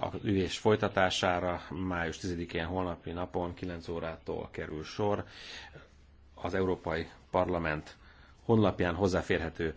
A ülés folytatására május 10-én holnapi napon 9 órától kerül sor. Az Európai Parlament honlapján hozzáférhető